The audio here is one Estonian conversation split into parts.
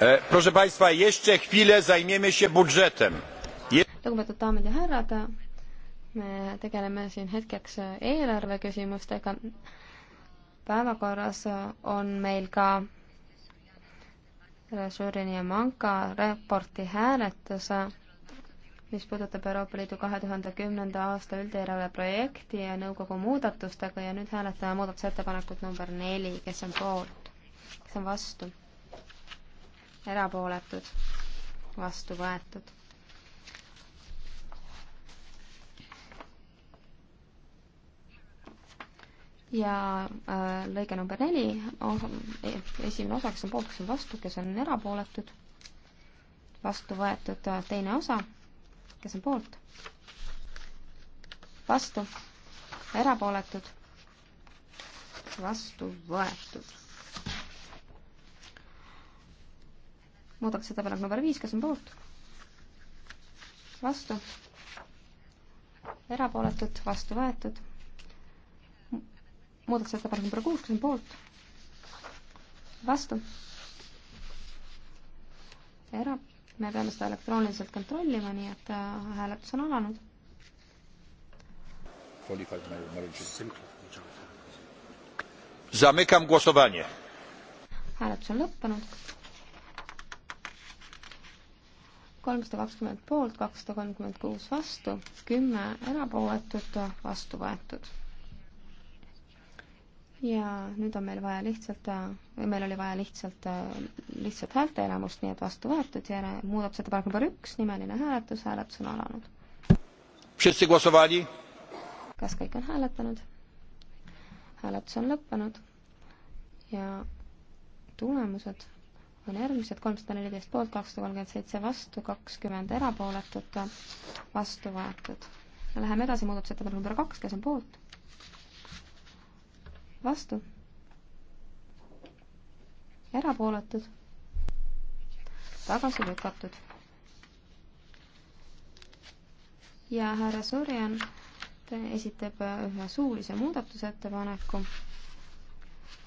E, proszę państwa jeszcze chwilę zajmiemy się budżetem lugupeetud daamid ja härrad me tegeleme siin hetkeks eelarve küsimustega päevakorras on meil ka Žurini ja Manka raporti hääletus mis puudutab Euroopa Liidu kahe tuhande kümnenda aasta üldeelarve projekti ja nõukogu muudatustega ja nüüd hääletame muudatusettepanekut number neli, kes on poolt, kes on vastu erapooletud, vastu võetud. ja äh, lõige number neli, e, esimene osaks on poolt, kes on vastu, kes on erapooletud, vastu võetud äh, teine osa, kes on poolt, vastu, erapooletud, vastu võetud muudatusettepanek number viis, kes on poolt? vastu? erapooletud, vastu võetud. muudatusettepanek number kuus, kes on poolt? vastu? era-, me peame seda elektrooniliselt kontrollima, nii et äh, hääletus on alanud. Zamykam głosowanie. Hääletus on lõppenud kolmsada kakskümmend poolt, kakssada kolmkümmend kuus vastu, kümme erapooletut, vastu võetud. ja nüüd on meil vaja lihtsalt, äh, meil oli vaja lihtsalt, äh, lihtsalt häälte enamust, nii et vastu võetud ja muudatusettepanek number üks, nimeline hääletus, hääletus on alanud. kas kõik on hääletanud? hääletus on lõppenud ja tulemused on järgmised, kolmsada neliteist poolt, kakssada kolmkümmend seitse vastu, kakskümmend erapooletut, vastu võetud. Läheme edasi, muudatusettepanek number kaks, kes on poolt? vastu, erapooletud, tagasi lükatud. ja härra Sorjan esitab ühe suulise muudatusettepaneku.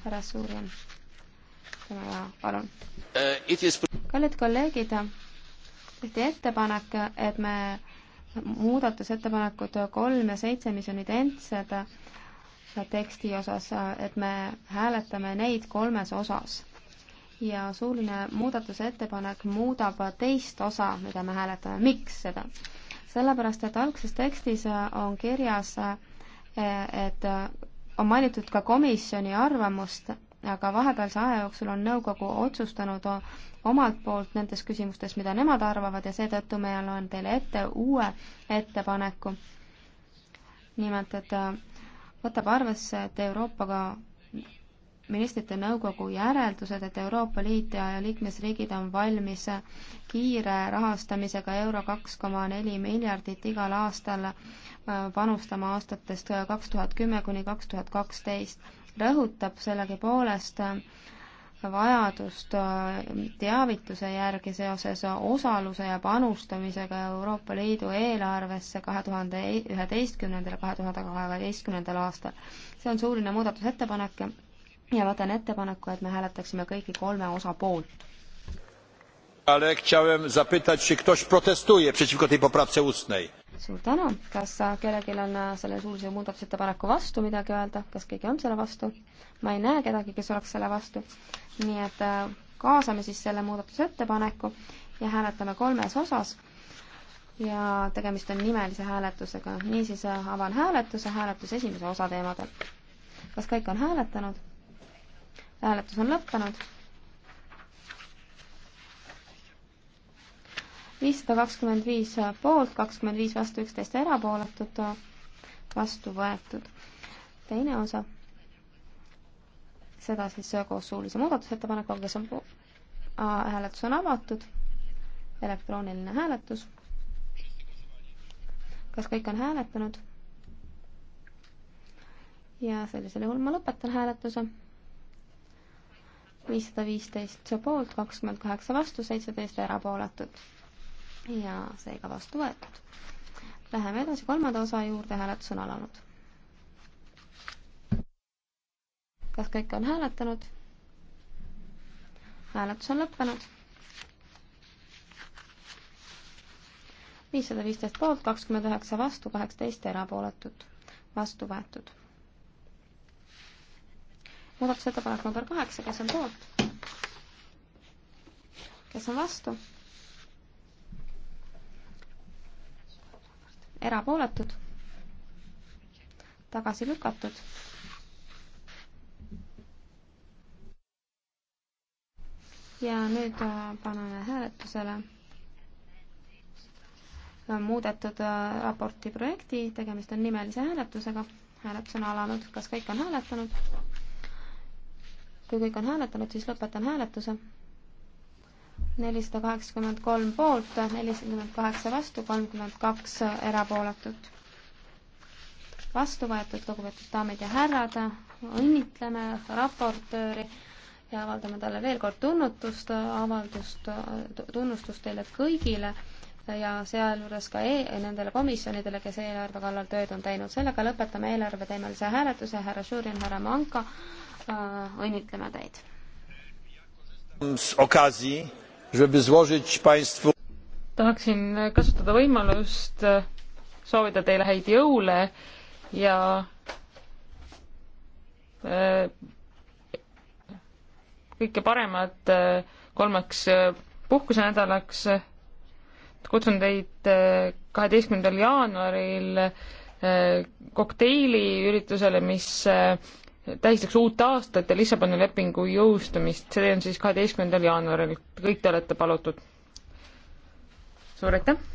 härra Sorjan sõna, palun. Äh, kallid kolleegid, tehti ettepanek, et me muudatusettepanekud kolm ja seitse, mis on identsed teksti osas, et me hääletame neid kolmes osas ja suuline muudatusettepanek muudab teist osa, mida me hääletame. miks seda? sellepärast, et algses tekstis on kirjas, et on mainitud ka komisjoni arvamust aga vahepealse aja jooksul on nõukogu otsustanud omalt poolt nendes küsimustes, mida nemad arvavad ja seetõttu ma loen teile ette uue ettepaneku. nimelt, et äh, võtab arvesse, et Euroopaga ministrite nõukogu järeldused, et Euroopa Liit ja liikmesriigid on valmis kiire rahastamisega euro kaks koma neli miljardit igal aastal äh, panustama aastatest äh, kaks tuhat kümme kuni kaks tuhat kaksteist rõhutab sellegipoolest vajadust teavituse järgi seoses osaluse ja panustamisega Euroopa Liidu eelarvesse kahe tuhande üheteistkümnendal ja kahe tuhande kaheteistkümnendal aastal. see on suuline muudatusettepanek ja ma teen ettepaneku, et me hääletaksime kõigi kolme osa poolt. Ale chciałem zapytać, czy ktoś protestuje przeciwko tej poprawce ustnej? suur tänu, kas kellelgi on äh, selle suulise muudatusettepaneku vastu midagi öelda, kas keegi on selle vastu? ma ei näe kedagi, kes oleks selle vastu. nii et äh, kaasame siis selle muudatusettepaneku ja hääletame kolmes osas. ja tegemist on nimelise hääletusega, niisiis äh, avan hääletuse, hääletus esimese osa teemadel. kas kõik on hääletanud? hääletus on lõppenud viissada kakskümmend viis poolt, kakskümmend viis vastu, üksteist erapooletut, vastu võetud. teine osa, seda siis koos suulise muudatusettepanekuga, kes on poolt, hääletus on avatud, elektrooniline hääletus. kas kõik on hääletanud? ja sellisel juhul ma lõpetan hääletuse viissada viisteist poolt, kakskümmend kaheksa vastu, seitseteist erapooletut ja seega vastu võetud. Läheme edasi kolmanda osa juurde, hääletus on alanud. kas kõik on hääletanud? hääletus on lõppenud. viissada viisteist poolt, kakskümmend üheksa vastu, kaheksateist erapooletut, vastu võetud. muudatusettepanek number kaheksa, kes on poolt? kes on vastu? erapooletud, tagasi lükatud. ja nüüd äh, paneme hääletusele äh, muudetud äh, raporti projekti, tegemist on nimelise hääletusega, hääletus on alanud, kas kõik on hääletanud? kui kõik on hääletanud, siis lõpetan hääletuse nelisada kaheksakümmend kolm poolt, nelikümmend kaheksa vastu, kolmkümmend kaks erapooletut. vastu võetud, lugupeetud daamid ja härrad, õnnitleme raportööri ja avaldame talle veel kord tunnutust, avaldust, tunnustust teile kõigile ja sealjuures ka e nendele komisjonidele, kes eelarve kallal tööd on teinud. sellega lõpetame eelarveteemalise hääletuse, härra Šurin, härra Manka, äh, õnnitleme teid żeby złożyć Państwu tahaksin kasutada võimalust eh, soovida teile häid jõule ja eh, kõike paremat eh, kolmeks puhkusenädalaks. kutsun teid kaheteistkümnendal jaanuaril kokteiliüritusele, mis tähistaks uut aastat ja Lissaboni lepingu jõustumist, see on siis kaheteistkümnendal jaanuaril, kõik te olete palutud. suur aitäh!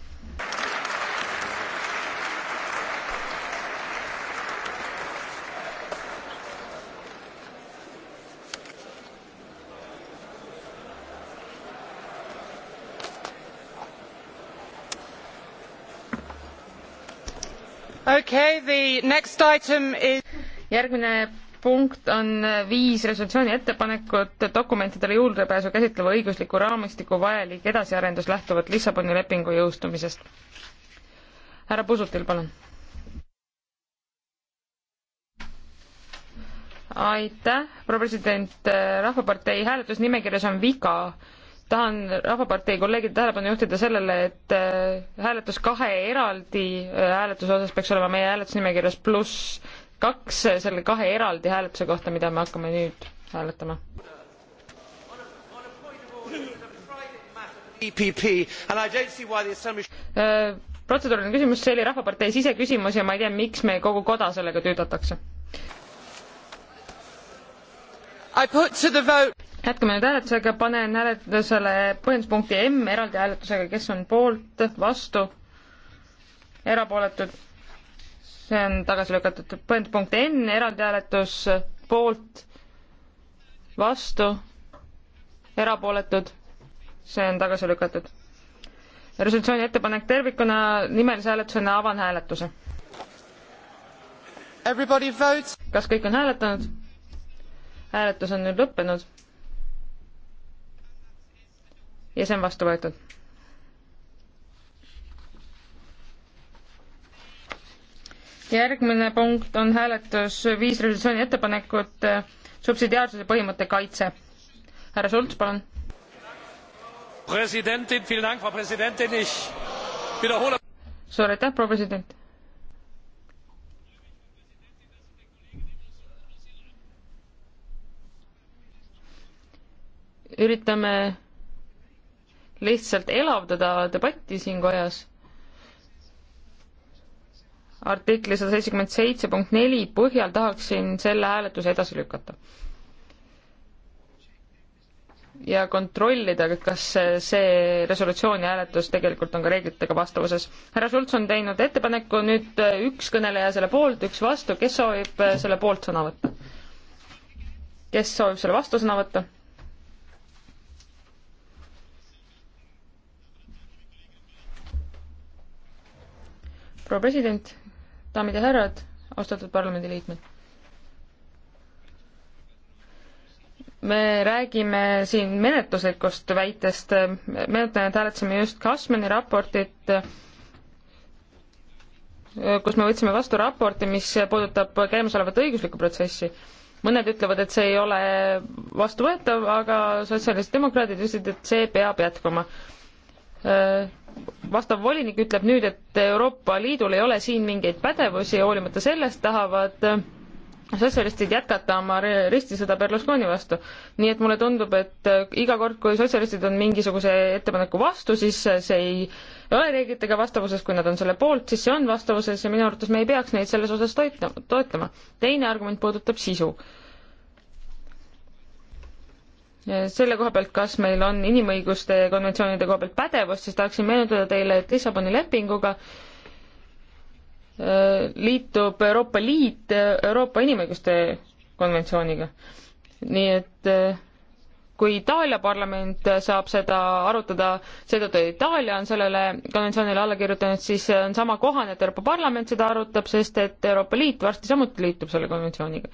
Okay, the next item is järgmine punkt on viis resolutsiooni ettepanekut dokumentidele juurdepääsu käsitleva õigusliku raamistiku vajalik edasiarendus lähtuvalt Lissaboni lepingu jõustumisest. härra Pusutil, palun. aitäh, proua president, Rahvapartei hääletusnimekirjas on viga. tahan Rahvapartei kolleegide tähelepanu juhtida sellele, et äh, hääletus kahe eraldi äh, hääletuse osas peaks olema meie hääletusnimekirjas pluss kaks selle kahe eraldi hääletuse kohta, mida me hakkame nüüd hääletama. E äh, protseduuriline küsimus, see oli Rahvapartei siseküsimus ja ma ei tea, miks me kogu koda sellega tüüdatakse. jätkame nüüd hääletusega, panen hääletusele põhjenduspunkti M eraldi hääletusega, kes on poolt, vastu, erapooletud see on tagasi lükatud. põhjenduspunkt N, eraldi hääletus poolt, vastu, erapooletud, see on tagasi lükatud. resolutsiooni ettepanek tervikuna nimelise hääletusena avan hääletuse. kas kõik on hääletanud? hääletus on nüüd lõppenud. ja see on vastu võetud järgmine punkt on hääletus viis resolutsiooni ettepanekut, äh, subsidiaarsuse põhimõtte kaitse. härra Schulz, palun. suur aitäh, proua president. üritame lihtsalt elavdada debatti siin kojas artikli sada seitsekümmend seitse punkt neli põhjal tahaksin selle hääletuse edasi lükata. ja kontrollida, kas see resolutsiooni hääletus tegelikult on ka reeglitega vastavuses. härra Schultz on teinud ettepaneku, nüüd üks kõneleja selle poolt, üks vastu, kes soovib selle poolt sõna võtta? kes soovib selle vastu sõna võtta? proua president, daamid ja härrad, austatud parlamendiliikmed. me räägime siin menetluslikust väitest, meenutan, et hääletasime just Kasmani raportit, kus me võtsime vastu raporti, mis puudutab käimasolevat õiguslikku protsessi. mõned ütlevad, et see ei ole vastuvõetav, aga sotsialistdemokraadid ütlesid, et see peab jätkuma Äh, vastav volinik ütleb nüüd, et Euroopa Liidul ei ole siin mingeid pädevusi, hoolimata sellest tahavad äh, sotsialistid jätkata oma ristisõda Berlusconi vastu. nii et mulle tundub, et äh, iga kord, kui sotsialistid on mingisuguse ettepaneku vastu, siis see ei ole reeglitega vastavuses, kui nad on selle poolt, siis see on vastavuses ja minu arvates me ei peaks neid selles osas toitma, toetama. teine argument puudutab sisu selle koha pealt, kas meil on inimõiguste konventsioonide koha pealt pädevust, siis tahaksin meenutada teile, et Lissaboni lepinguga äh, liitub Euroopa Liit äh, Euroopa inimõiguste konventsiooniga. nii et äh, kui Itaalia parlament saab seda arutada, seetõttu Itaalia on sellele konventsioonile alla kirjutanud, siis on sama kohane, et Euroopa Parlament seda arutab, sest et Euroopa Liit varsti samuti liitub selle konventsiooniga.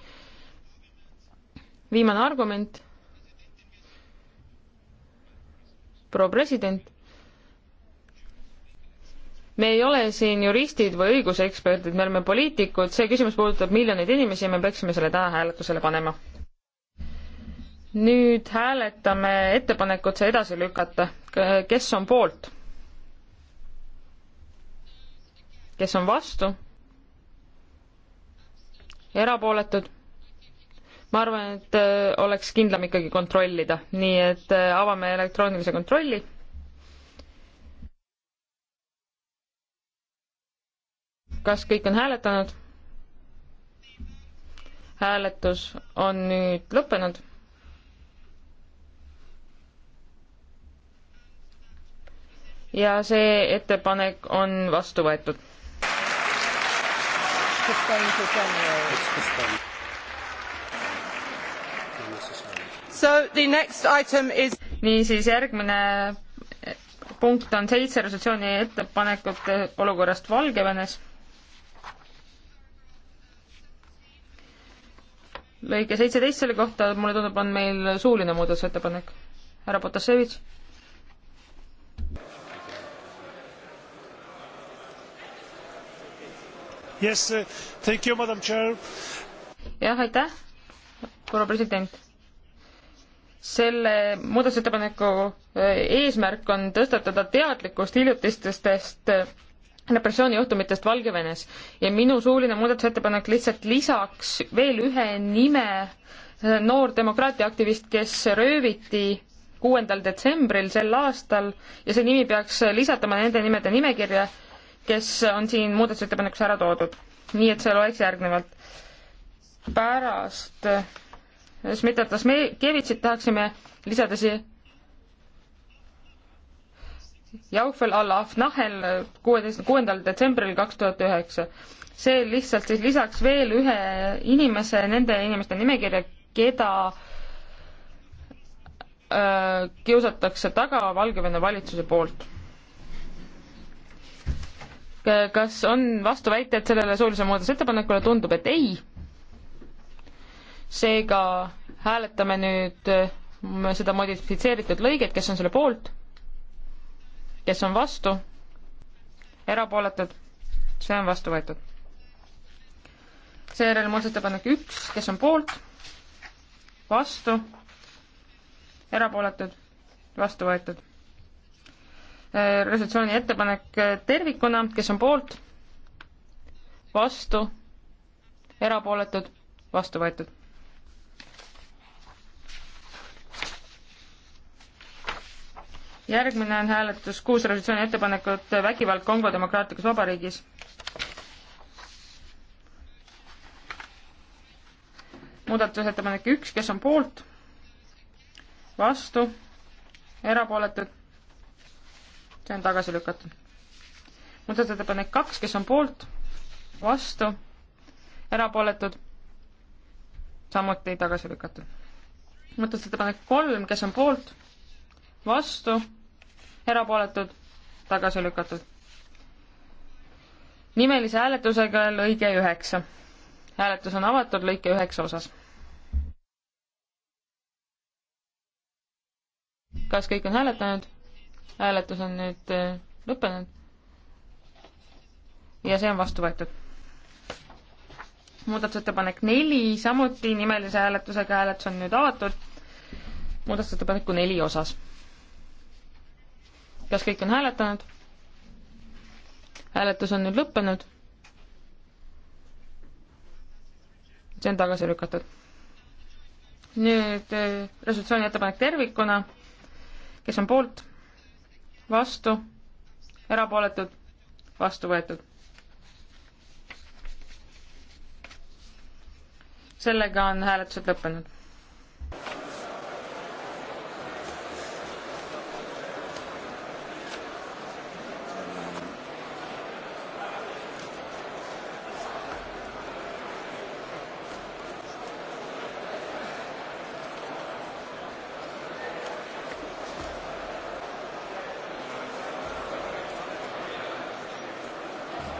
viimane argument proua president. me ei ole siin juristid või õiguseksperdid, me oleme poliitikud, see küsimus puudutab miljoneid inimesi ja me peaksime selle täna hääletusele panema. nüüd hääletame ettepanekut see edasi lükata. kes on poolt? kes on vastu? erapooletud ma arvan, et äh, oleks kindlam ikkagi kontrollida, nii et äh, avame elektroonilise kontrolli. kas kõik on hääletanud? hääletus on nüüd lõppenud ja see ettepanek on vastu võetud. Is... niisiis, järgmine punkt on seitse resolutsiooni ettepanekut olukorrast Valgevenes. lõige seitseteist selle kohta, mulle tundub, on meil suuline muudatusettepanek. härra Potaševitš. jah, aitäh, proua president selle muudatusettepaneku äh, eesmärk on tõstatada teadlikkust hiljutistest äh, repressioonijuhtumitest Valgevenes ja minu suuline muudatusettepanek lihtsalt lisaks veel ühe nime, äh, noor demokraatiaaktivist, kes rööviti kuuendal detsembril sel aastal ja see nimi peaks lisatama nende nimede nimekirja, kes on siin muudatusettepanekus ära toodud. nii et seal oleks järgnevalt pärast Smitat Asmekevitsit tahaksime lisada siia Jaufel al-Afnahel kuueteist, kuuendal detsembril kaks tuhat üheksa. see lihtsalt siis lisaks veel ühe inimese nende inimeste nimekirja, keda öö, äh, kiusatakse taga Valgevene valitsuse poolt. kas on vastuväited sellele suulisele muudatusettepanekule, tundub, et ei seega hääletame nüüd äh, seda modifitseeritud lõiget, kes on selle poolt, kes on vastu, erapooletud, see on vastu võetud. seejärel muudatusettepanek üks, kes on poolt, vastu, erapooletud, vastu võetud. Äh, resolutsiooni ettepanek äh, tervikuna, kes on poolt, vastu, erapooletud, vastu võetud järgmine on hääletus kuus resolutsiooni ettepanekut vägivald Kongo demokraatlikus vabariigis. muudatusettepanek üks, kes on poolt, vastu, erapooletud, see on tagasi lükatud. muudatusettepanek kaks, kes on poolt, vastu, erapooletud, samuti tagasi lükatud. muudatusettepanek kolm, kes on poolt, vastu erapooletud, tagasi lükatud. nimelise hääletusega lõige üheksa. hääletus on avatud lõike üheksa osas. kas kõik on hääletanud? hääletus on nüüd äh, lõppenud. ja see on vastu võetud. muudatusettepanek neli, samuti nimelise hääletusega hääletus on nüüd avatud muudatusettepaneku neli osas kas kõik on hääletanud? hääletus on nüüd lõppenud. see on tagasi lükatud. nüüd äh, resolutsiooni ettepanek tervikuna, kes on poolt, vastu, erapooletud, vastu võetud sellega on hääletused lõppenud.